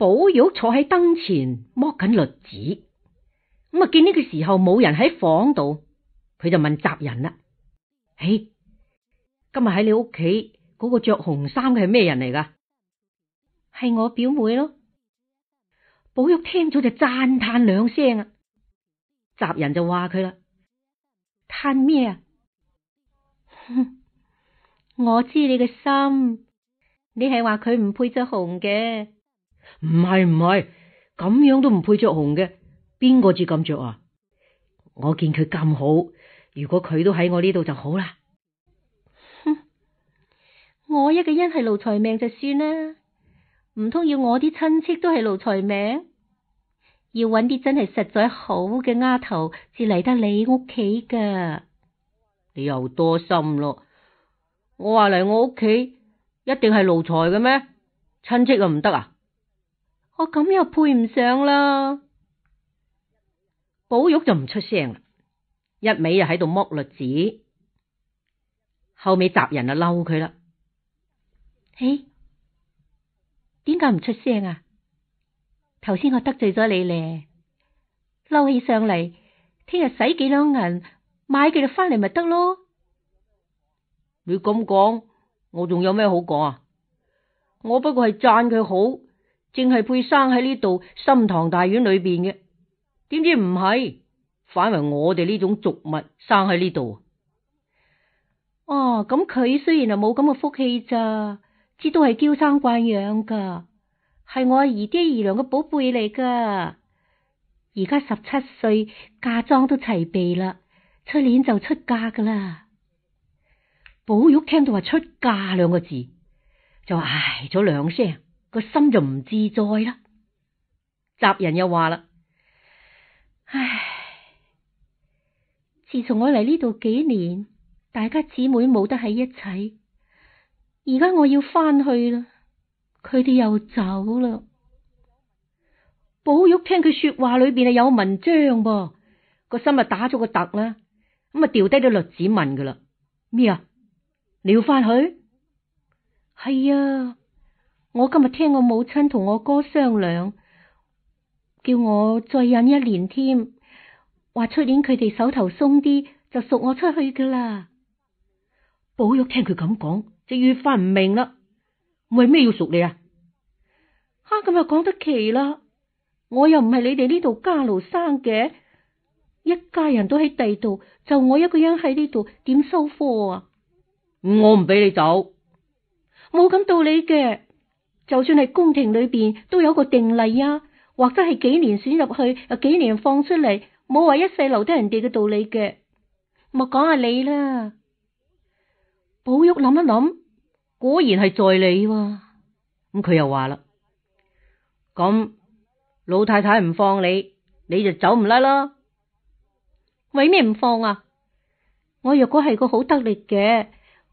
寶玉坐喺燈前摸緊栗子，咁啊見呢個時候冇人喺房度，佢就問襲人啦，嘿，今日喺你屋企嗰個着紅衫嘅係咩人嚟噶？係我表妹咯。寶玉聽咗就讚嘆兩聲啊，襲人就話佢啦，嘆咩啊？ 我知你嘅心，你係話佢唔配着紅嘅。唔係唔係，咁樣都唔配着紅嘅，邊個至咁着啊？我見佢咁好，如果佢都喺我呢度就好啦。 我一個人係奴才命就算啦，唔通要我啲親戚都係奴才命？要揾啲真係實在好嘅丫頭至嚟得你屋企噶。你又多心咯？我話嚟我屋企一定係奴才嘅咩？親戚啊，唔得啊？我咁又配唔上啦，寶玉就唔出聲啦，一味又喺度剝栗子，後尾襲人就嬲佢啦。嘿、哎，點解唔出聲啊？頭先我得罪咗你咧，嬲起上嚟，聽日使幾兩銀買佢哋翻嚟咪得咯。你咁講，我仲有咩好講啊？我不過係讚佢好。淨係配生喺呢度深堂大院裏邊嘅，點知唔係，反為我哋呢種俗物生喺呢度哦，咁佢雖然係冇咁嘅福氣咋，至都係嬌生慣養噶，係我阿姨爹姨娘嘅寶貝嚟噶。而家十七歲，嫁妝都齊備啦，出年就出嫁噶啦。寶玉聽到話出嫁兩個字，就唉咗兩聲。個心就唔自在啦。襲人又話啦：，唉，自從我嚟呢度幾年，大家姊妹冇得喺一齊，而家我要翻去啦，佢哋又走啦。寶玉聽佢說話裏邊啊有文章噃，心，個心啊打咗個突啦，咁啊掉低咗栗子問佢啦：，咩啊？你要翻去？係啊。我今日聽我母親同我哥商量，叫我再忍一年添，話出年佢哋手頭鬆啲就贖我出去噶啦。寶玉聽佢咁講，就越發唔明啦。為咩要贖你啊？吓，咁又講得奇啦！我又唔係你哋呢度家奴生嘅，一家人都喺第度，就我一個人喺呢度，點收貨啊？我唔俾你走，冇咁道理嘅。就算係宮廷裏邊都有個定例啊，或者係幾年選入去，又幾年放出嚟，冇話一世留低人哋嘅道理嘅。咪講下你啦，寶玉諗一諗，果然係在理啊。咁佢，嗯，又話啦，咁老太太唔放你，你就走唔甩啦。為咩唔放啊？我若果係個好得力嘅，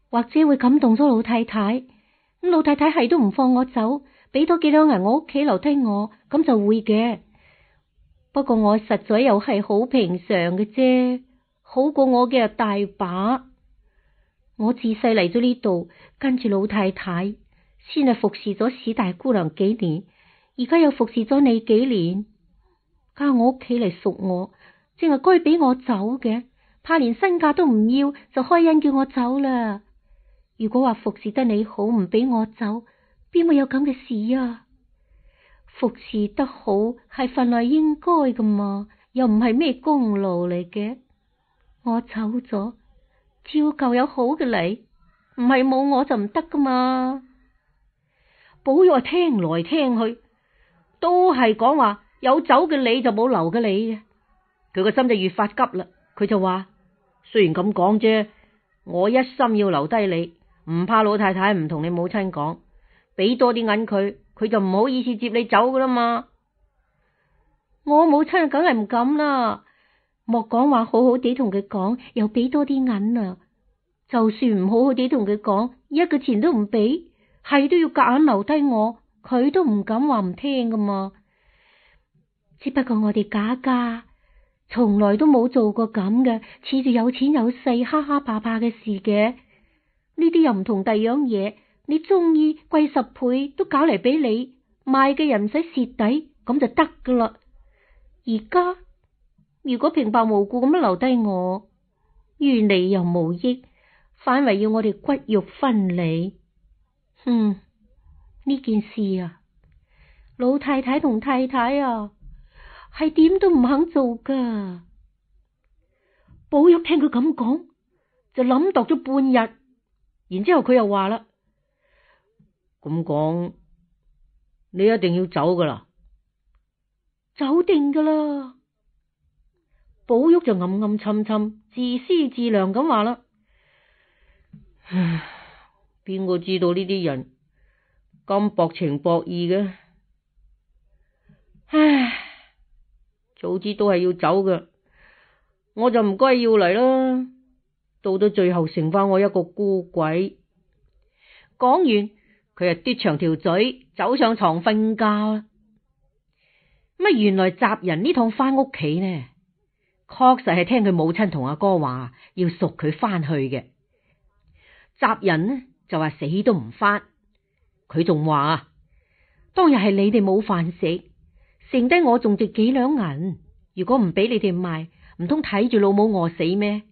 或者會感動咗老太太。咁老太太係都唔放我走，俾多幾多銀我屋企留低我，咁就會嘅。不過我實在又係好平常嘅啫，好過我嘅大把。我自細嚟咗呢度，跟住老太太，先係服侍咗史大姑娘幾年，而家又服侍咗你幾年，家下我屋企嚟贖我，淨係該俾我走嘅，怕連身價都唔要，就開恩叫我走啦。如果話服侍得你好唔俾我走，邊會有咁嘅事啊？服侍得好係份內應該噶嘛，又唔係咩功勞嚟嘅。我走咗，照舊有好嘅你，唔係冇我就唔得噶嘛。寶玉聽來聽去，都係講話有走嘅你就冇留嘅你嘅，佢個心就越發急啦。佢就話：雖然咁講啫，我一心要留低你。唔怕老太太唔同你母親講，俾多啲銀佢，佢就唔好意思接你走噶啦嘛。我母親梗係唔敢啦。莫講話好好地同佢講，又俾多啲銀啊。就算唔好好地同佢講，一個錢都唔俾，係都要夾硬留低我，佢都唔敢話唔聽噶嘛。只不過我哋假家從來都冇做過咁嘅，恃住有錢有勢，蝦蝦霸霸嘅事嘅。呢啲又唔同第二樣嘢，你中意貴十倍都搞嚟，俾你賣嘅人唔使蝕底，咁就得噶啦。而家如果平白無故咁樣留低我，於你又無益，反為要我哋骨肉分離。哼，呢件事啊，老太太同太太啊係點都唔肯做噶。寶玉聽佢咁講，就諗度咗半日。然之後佢又話啦，咁講，你一定要走噶啦，走定噶啦。寶玉就暗暗沉沉、自思自量咁話啦，邊個知道呢啲人咁薄情薄義嘅？唉，早知都係要走嘅，我就唔該要嚟啦。到到最後剩翻我一個孤鬼。講完，佢又嘟長條嘴，走上床瞓覺。乜啊，原來襲人呢趟翻屋企呢，確實係聽佢母親同阿哥話要贖佢翻去嘅。襲人呢就話死都唔翻，佢仲話當日係你哋冇飯食，剩低我仲值幾兩銀，如果唔俾你哋賣，唔通睇住老母餓死咩？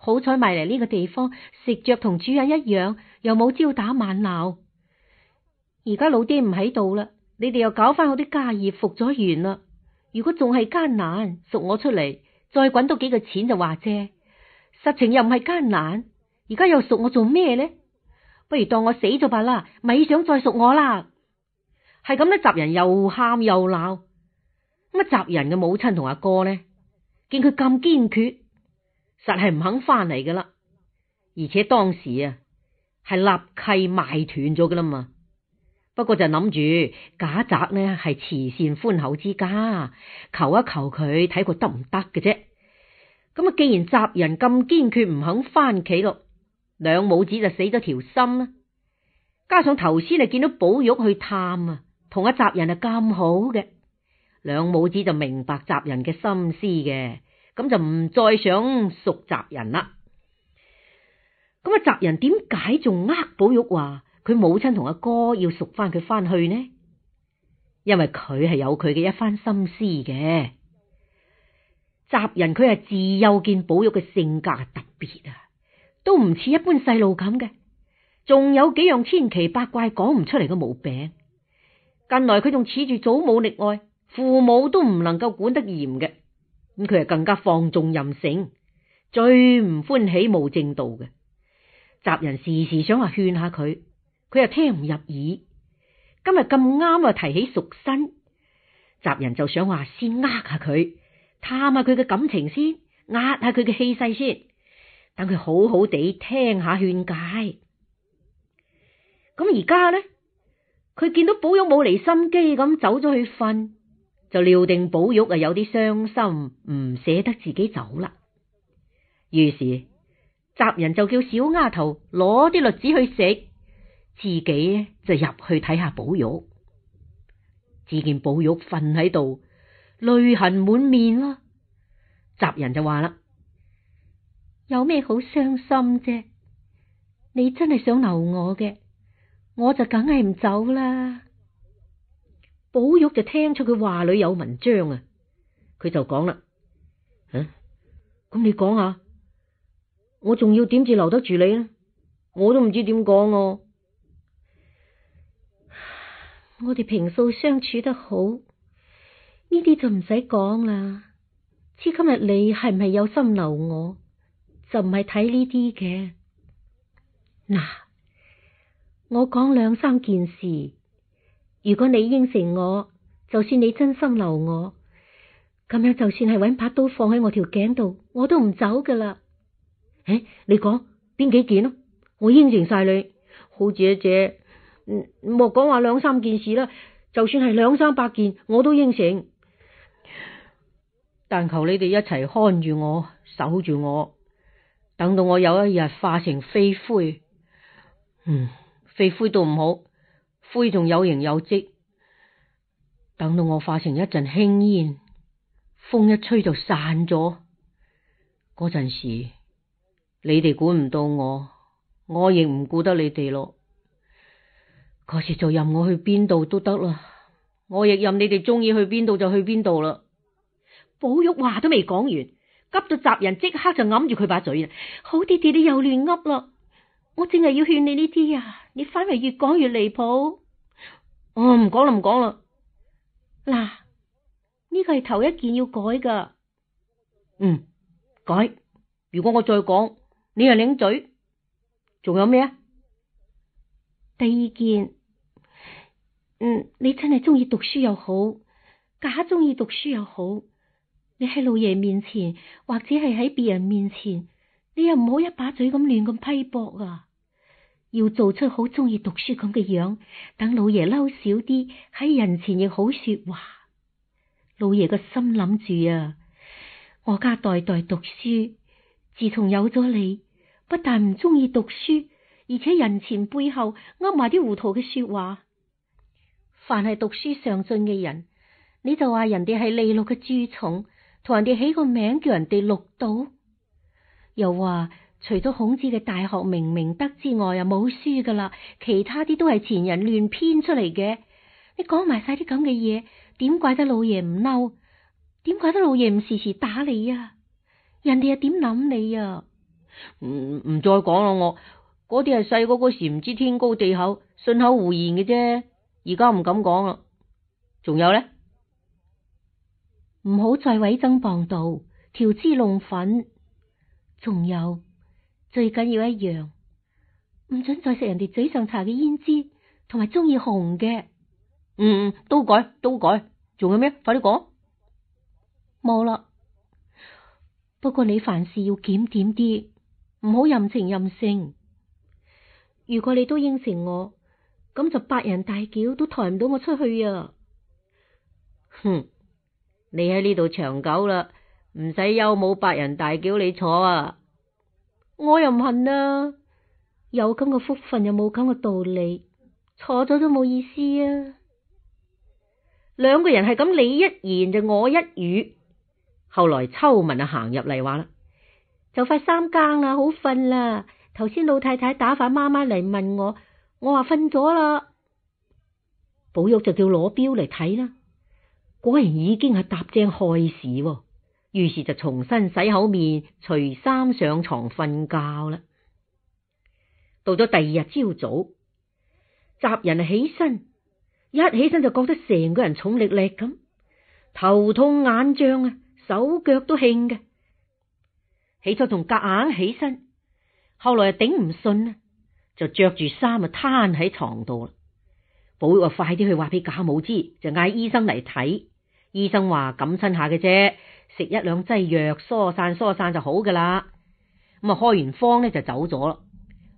好彩埋嚟呢個地方食着，同主人一樣，又冇朝打晚鬧。而家老爹唔喺度啦，你哋又搞翻我啲家業，復咗完啦。如果仲係艱難，贖我出嚟，再滾多幾個錢就話啫。實情又唔係艱難，而家又贖我做咩咧？不如當我死咗罷啦，咪想再贖我啦。係咁咧，襲人又喊又鬧。咁啊，襲人嘅母親同阿哥咧，見佢咁堅決。實係唔肯翻嚟噶啦，而且當時啊係立契賣斷咗噶啦嘛。不過就諗住賈宅呢係慈善寬厚之家，求一求佢睇佢得唔得嘅啫。咁啊，既然襲人咁堅決唔肯翻企咯，兩母子就死咗條心啦。加上頭先啊見到寶玉去探啊，同一襲人啊咁好嘅，兩母子就明白襲人嘅心思嘅。咁就唔再想贖襲人啦。咁啊，襲人點解仲呃寶玉話佢母親同阿哥要贖翻佢翻去呢？因為佢係有佢嘅一番心思嘅。襲人佢係自幼見寶玉嘅性格特別啊，都唔似一般細路咁嘅，仲有幾樣千奇百怪講唔出嚟嘅毛病。近來佢仲恃住祖母溺愛，父母都唔能夠管得嚴嘅。咁佢又更加放縱任性，最唔歡喜冇正道嘅。襲人時時想話勸下佢，佢又聽唔入耳。今日咁啱啊提起贖身，襲人就想話先呃下佢，探下佢嘅感情先，呃下佢嘅氣勢先，等佢好好地聽下勸解。咁而家呢？佢見到寶玉冇離心機咁走咗去瞓。就料定寶玉啊有啲傷心，唔捨得自己走啦。於是襲人就叫小丫頭攞啲栗子去食，自己就入去睇下寶玉。只見寶玉瞓喺度，淚痕滿面咯。襲人就話啦：有咩好傷心啫？你真係想留我嘅，我就梗係唔走啦。寶玉就聽出佢話裏有文章啊！佢就講啦：咁、嗯、你講下，我仲要點至留得住你呢？我都唔知點講、啊、 我。我哋平素相處得好，呢啲就唔使講啦。至今日你係唔係有心留我，就唔係睇呢啲嘅。嗱，我講兩三件事。如果你應承我，就算你真心留我，咁樣就算係搵把刀放喺我條頸度，我都唔走噶啦。誒、欸，你講邊幾件咯？我應承晒你，好姐姐，嗯，莫講話兩三件事啦，就算係兩三百件，我都應承。但求你哋一齊看住我，守住我，等到我有一日化成飛灰，嗯，飛灰都唔好。灰仲有形有跡，等到我化成一陣輕煙，風一吹就散咗。嗰陣時你哋管唔到我，我亦唔顧得你哋咯。嗰時就任我去邊度都得啦，我亦任你哋中意去邊度就去邊度啦。寶玉話都未講完，急到襲人即刻就揞住佢把嘴，好啲啲，你又亂噏啦。我淨係要勸你呢啲啊！你反而越講越離譜，我唔講啦，唔講啦。嗱，呢個係頭一件要改噶，嗯，改。如果我再講，你又擰嘴，仲有咩啊？第二件，嗯，你真係中意讀書又好，假中意讀書又好，你喺老爺面前或者係喺別人面前，你又唔好一把嘴咁亂咁批駁啊！要做出好中意讀書咁嘅樣，等老爺嬲少啲，喺人前亦好說話。老爺個心諗住啊，我家代代讀書，自從有咗你，不但唔中意讀書，而且人前背後噏埋啲糊塗嘅說話。凡係讀書上進嘅人，你就話人哋係利祿嘅蛀蟲，同人哋起個名叫人哋祿蠹，又話。除咗孔子嘅《大學》《明明德》之外，又冇書噶啦，其他啲都係前人亂編出嚟嘅。你講埋晒啲咁嘅嘢，點怪得老爺唔嬲？點怪得老爺唔時時打你啊？人哋又點諗你啊？唔唔、嗯，再講啦，我嗰啲係細個嗰時唔知天高地厚，信口胡言嘅啫。而家唔敢講啦。仲有咧，唔好再毀僧謗道、調脂弄粉。仲有。最緊要一樣，唔准再食人哋嘴上搽嘅胭脂，同埋中意紅嘅。嗯，嗯，都改都改，仲有咩？快啲講。冇啦。不過你凡事要檢點啲，唔好任情任性。如果你都應承我，咁就八人大轎都抬唔到我出去啊！哼，你喺呢度長久啦，唔使憂冇八人大轎你坐啊！我又唔恨啦！有咁嘅福分又冇咁嘅道理，錯咗都冇意思啊！兩個人係咁你一言就我一語，後來秋文啊行入嚟話啦，就快三更啦，好瞓啦。頭先老太太打發媽媽嚟問我，我話瞓咗啦。寶玉就叫攞表嚟睇啦，果然已經係搭正亥時。於是就重新洗口面、除衫上床瞓覺啦。到咗第二日朝早，襲人起身，一起身就覺得成個人重力力咁，頭痛眼脹啊，手腳都興嘅。起初仲夾硬起身，後來又頂唔順啦，就着住衫啊癱喺床度啦。寶玉話快啲去話俾賈母知，就嗌醫生嚟睇。醫生話感親下嘅啫。食一兩劑藥，疏散疏散就好噶啦。咁啊，開完方咧就走咗啦，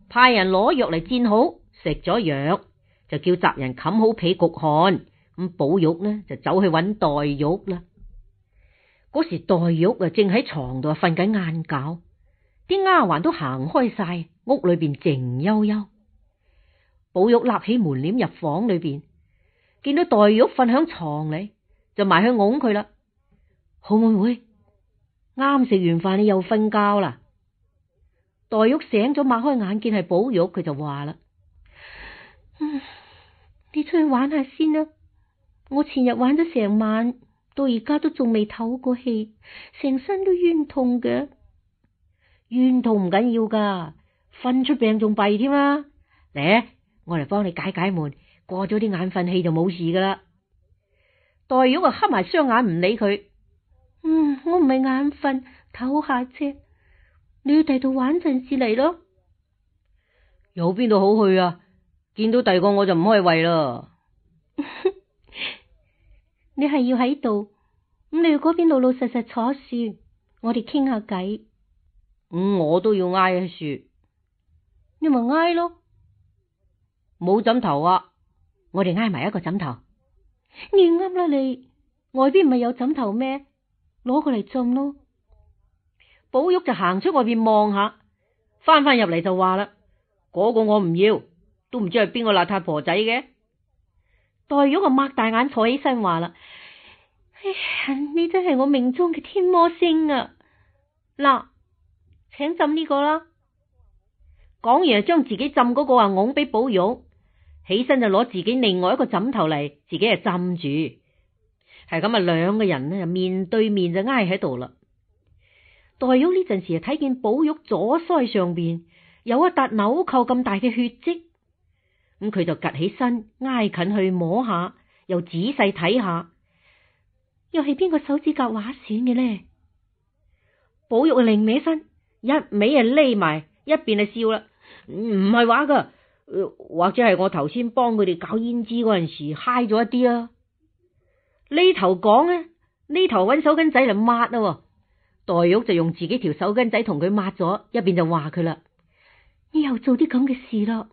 派人攞藥嚟煎好，食咗藥就叫襲人冚好被焗汗。咁寶玉呢就走去揾黛玉啦。嗰時黛玉啊正喺床度瞓緊晏覺，啲丫鬟都行開晒，屋裏邊靜悠悠。寶玉立起門簾入房裏邊，見到黛玉瞓響床裏，就埋去擁佢啦。好妹妹，啱食完飯你又瞓覺啦？黛玉醒咗，擘開眼見係寶玉，佢就話啦：嗯，你出去玩下先啦，我前日玩咗成晚，到而家都仲未透過氣，成身都冤痛嘅，冤痛唔緊要噶，瞓出病仲弊添啦。嚟，我嚟幫你解解悶，過咗啲眼瞓氣就冇事噶啦。黛玉啊，黑埋雙眼唔理佢。嗯，我唔係眼瞓，唞下啫，你要第度玩陣至嚟咯？有邊度好去啊？見到第二個我就唔開胃啦。 你係要喺度咁，你去嗰邊老老實實坐樹，我哋傾下偈。咁、嗯、我都要挨喺樹，你咪挨咯。冇枕頭啊！我哋挨埋一個枕頭。你啱啦，你外邊唔係有枕頭咩？攞過嚟枕咯，寶玉就行出外邊望下，返返入嚟就話啦：嗰個我唔要，都唔知係邊個邋遢婆仔嘅。黛玉啊，擘大眼坐起身話啦：呢、哎、呀，你真係我命中嘅天魔星啊！嗱，請枕呢個啦。講完就將自己枕嗰個啊，拱俾寶玉，起身就攞自己另外一個枕頭嚟，自己啊枕住。係咁啊！兩個人呢，面對面就挨喺度啦。黛玉呢陣時睇見寶玉左腮上邊有一笪紐扣咁大嘅血跡，咁佢就趷起身挨近去摸下，又仔細睇下，又係邊個手指甲劃損嘅呢？寶玉擰歪身，一味啊匿埋，一邊就笑啦，唔係劃噶，或者係我頭先幫佢哋搞胭脂嗰陣時嗨咗一啲啊。呢頭講咧，呢頭搵手巾仔嚟抹啦。黛玉就用自己條手巾仔同佢抹咗，一邊就話佢啦：以後做啲咁嘅事咯，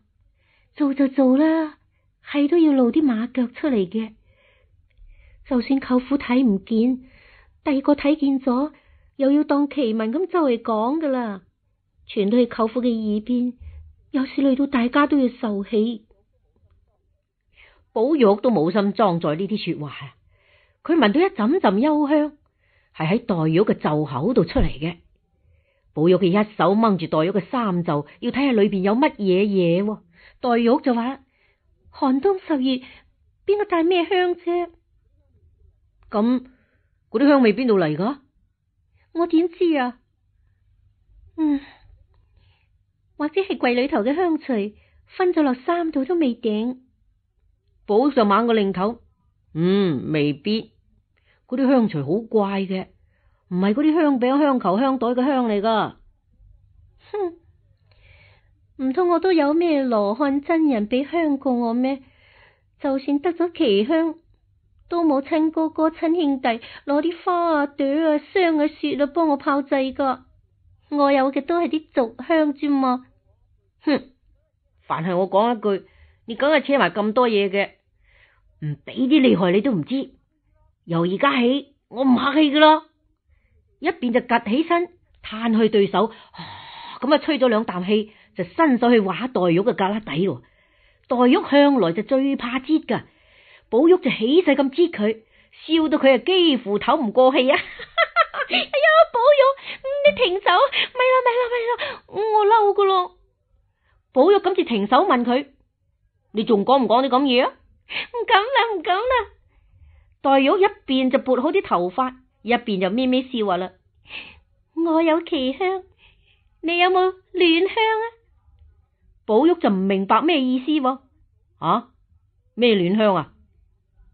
做就做啦，係都要露啲馬腳出嚟嘅。就算舅父睇唔見，第二個睇見咗，又要當奇聞咁周圍講噶啦，傳到去舅父嘅耳邊，有時累到大家都要受氣。寶玉都冇心裝載呢啲說話啊。佢聞到一陣陣幽香，係喺黛玉嘅袖口度出嚟嘅。寶玉佢一手掹住黛玉嘅衫袖，要睇下裏邊有乜嘢嘢。黛玉就話：寒冬十月，邊個帶咩香啫？咁嗰啲香味邊度嚟噶？我點知啊？嗯，或者係櫃裏頭嘅香脆分，分咗落衫度都未頂。寶玉猛個擰頭：嗯，未必。嗰啲香除好怪嘅，唔係嗰啲香餅、香球、香袋嘅香嚟噶。哼，唔通我都有咩羅漢真人俾香過我咩？就算得咗奇香，都冇親哥哥、親兄弟攞啲花啊、朵啊、霜啊、雪啊幫我炮製噶。我有嘅都係啲俗香啫嘛。哼，凡係我講一句，你梗係扯埋咁多嘢嘅，唔俾啲厲害你都唔知。由而家起，我唔客氣噶啦！一邊就夾起身，嘆去對手，咁啊吹咗兩啖氣，就伸手去畫黛玉嘅格旯底咯。黛玉向來就最怕擠噶，寶玉就起勢咁擠佢，笑到佢啊幾乎唞唔過氣啊！ 哎呀，寶玉，你停手，咪啦咪啦咪啦，我嬲噶咯！寶玉咁就停手問佢：你仲講唔講啲咁嘢啊？唔敢啦，唔敢啦。黛玉一邊就撥好啲頭髮，一邊就咩咩笑話啦。我有奇香，你有冇暖香啊？寶玉就唔明白咩意思啊，啊？咩暖香啊？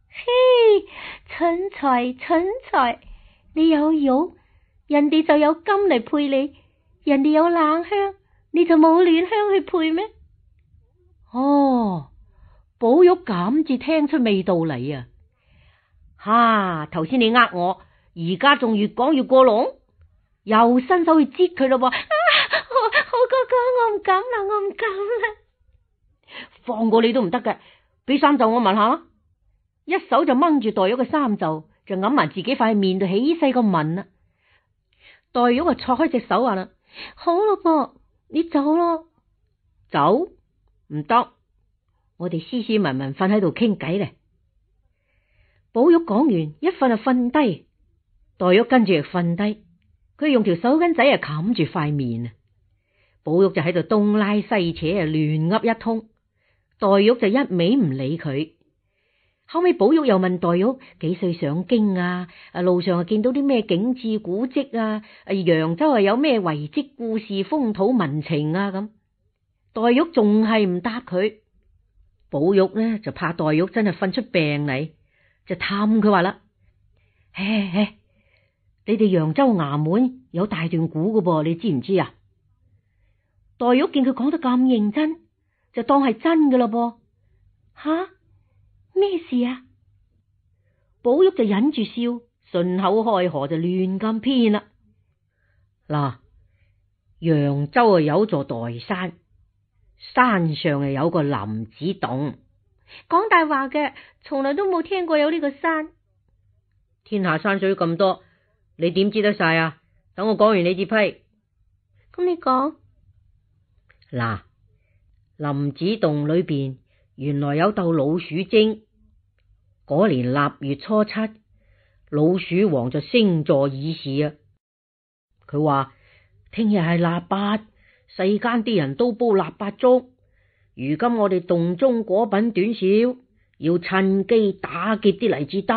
嘿，蠢材蠢材，你有玉，人哋就有金嚟配你，人哋有冷香，你就冇暖香去配咩？哦，寶玉咁至聽出味道嚟啊！啊，頭先你呃我，而家仲越講越過籠，又伸手去接佢咯！啊、好哥哥，我唔敢啦，我唔敢啦！放過你都唔得嘅，俾衫袖我問下。一手就掹住黛玉嘅衫袖，就揞埋自己塊面，就起細個吻啦。黛玉啊，錯開隻手話啦，好啦噃，你走咯，走唔得，我哋斯斯文文瞓喺度傾偈咧。寶玉講完，一瞓就瞓低，黛玉跟住就瞓低，佢用條手巾仔啊冚住塊面啊。寶玉就喺度東拉西扯啊，亂噏一通。黛玉就一味唔理佢。後尾寶玉又問黛玉幾歲上京啊？啊路上啊見到啲咩景致古蹟啊？啊揚州啊有咩遺蹟故事風土民情啊咁。黛玉仲係唔答佢。寶玉咧就怕黛玉真係瞓出病嚟。就探佢話啦，嘿嘿，你哋揚州衙門有大段古嘅噃，你知唔知啊？黛玉見佢講得咁認真，就當係真嘅啦噃。吓、啊，咩事啊？寶玉就忍住笑，順口開河就亂咁編啦。嗱，揚州啊有座黛山，山上啊有個林子洞。講大話嘅，從來都冇聽過有呢個山。天下山水咁多，你點知得晒啊？等我講完你支批，咁你講嗱、啊，林子洞裏邊原來有竇老鼠精。嗰年臘月初七，老鼠王就升座議事啊。佢話聽日係臘八，世間啲人都煲臘八粥。如今我哋洞中果品短少，要趁機打劫啲嚟至得。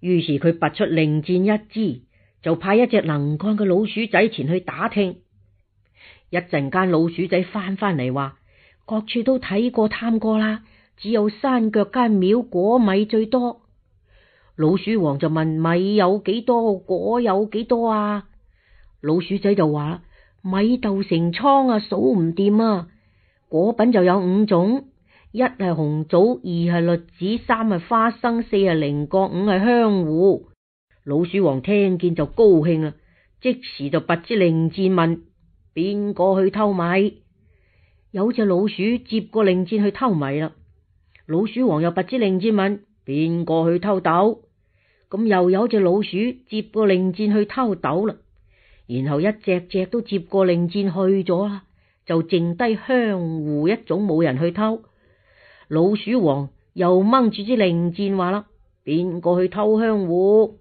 於是佢拔出令箭一支，就派一隻能幹嘅老鼠仔前去打聽。一陣間老鼠仔翻返嚟話：各處都睇過探過啦，只有山腳間廟果米最多。老鼠王就問：米有幾多？果有幾多啊？老鼠仔就話：米豆成倉啊，數唔掂啊！果品就有五種，一係紅棗，二係栗子，三係花生，四係菱角，五係香芋。老鼠王聽見就高興啦，即時就拔支令箭問邊個去偷米。有隻老鼠接過令箭去偷米啦。老鼠王又拔支令箭問邊個去偷豆，咁又有一隻老鼠接過令箭去偷豆啦。然後一隻只都接過令箭去咗啦。就剩低香芋一種冇人去偷，老鼠王又掹住支令箭話啦，邊個去偷香芋？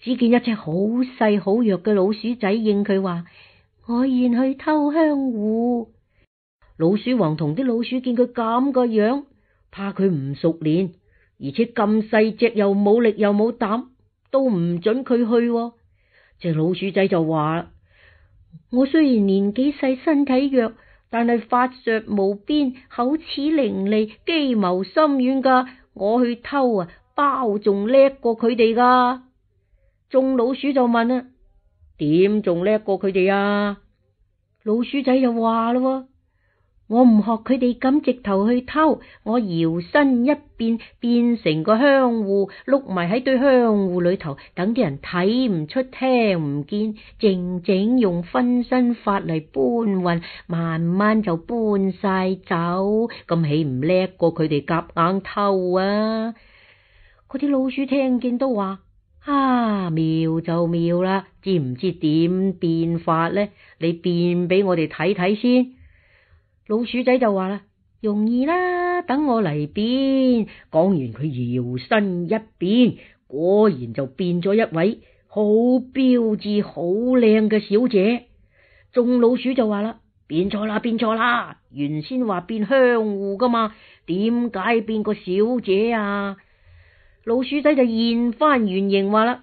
只見一隻好細好弱嘅老鼠仔應佢話：我願去偷香芋。老鼠王同啲老鼠見佢咁個樣，樣，怕佢唔熟練，而且咁細隻又冇力又冇膽，都唔准佢去，哦。隻老鼠仔就話。我雖然年紀細、身體弱，但係法術無邊、口齒伶俐、機謀深遠噶，我去偷啊，包仲叻過佢哋噶。眾老鼠就問啦：點仲叻過佢哋啊？老鼠仔就話咯。我唔學佢哋咁直頭去偷，我搖身一變變成個香芋，碌埋喺堆香芋裏頭，等啲人睇唔出、聽唔見，靜靜用分身法嚟搬運，慢慢就搬晒走。咁豈唔叻過佢哋夾硬偷啊？嗰啲老鼠聽見都話：啊，妙就妙啦！知唔知點變法咧？你變俾我哋睇睇先。老鼠仔就話啦，容易啦，等我嚟變。講完佢搖身一變，果然就變咗一位好標致、好靚嘅小姐。眾老鼠就話啦，變錯啦，變錯啦！原先話變香芋㗎嘛，點解變個小姐啊？老鼠仔就現返原形，話啦。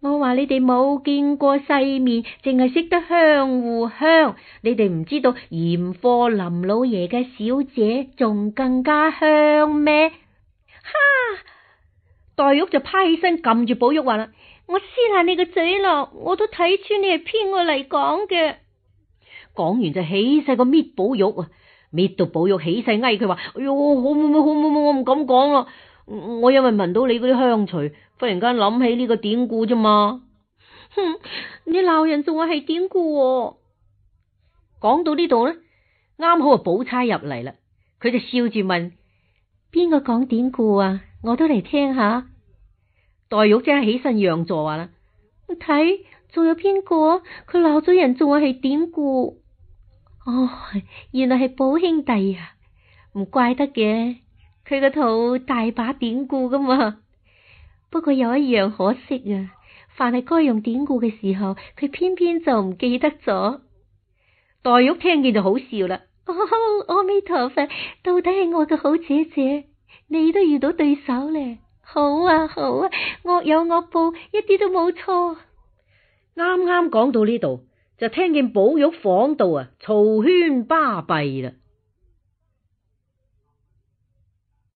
我話你哋冇見過世面，淨係識得香芋香。你哋唔知道鹽課林老爺嘅小姐仲更加香咩？哈！黛玉就趴起身撳住寶玉話啦：我撕爛你個嘴咯！我都睇穿你係編我嚟講嘅。講完就起勢個搣寶玉啊，搣到寶玉起勢嗌佢話：哎喲，好冇好冇冇，我唔敢講啦。我因為聞到你嗰啲香隨。忽然間諗起呢個典故啫嘛，哼，你鬧人仲話係典故啊，講到呢度咧，啱好寶釵入嚟啦，佢就笑住問：邊個講典故啊？我都嚟聽下。黛玉即刻起身讓座話啦，你睇仲有邊個啊？佢鬧咗人仲話係典故，哦，原來係寶兄弟啊，唔怪得嘅，佢個肚大把典故噶嘛。不過有一樣可惜啊，凡係該用典故嘅時候，佢偏偏就唔記得咗。黛玉聽見就好笑啦，哦，阿彌陀佛，到底係我嘅好姐姐，你都遇到對手咧，好啊好啊，惡有惡報，一啲都冇錯。啱啱講到呢度，就聽見寶玉房度啊，嘈喧巴閉啦。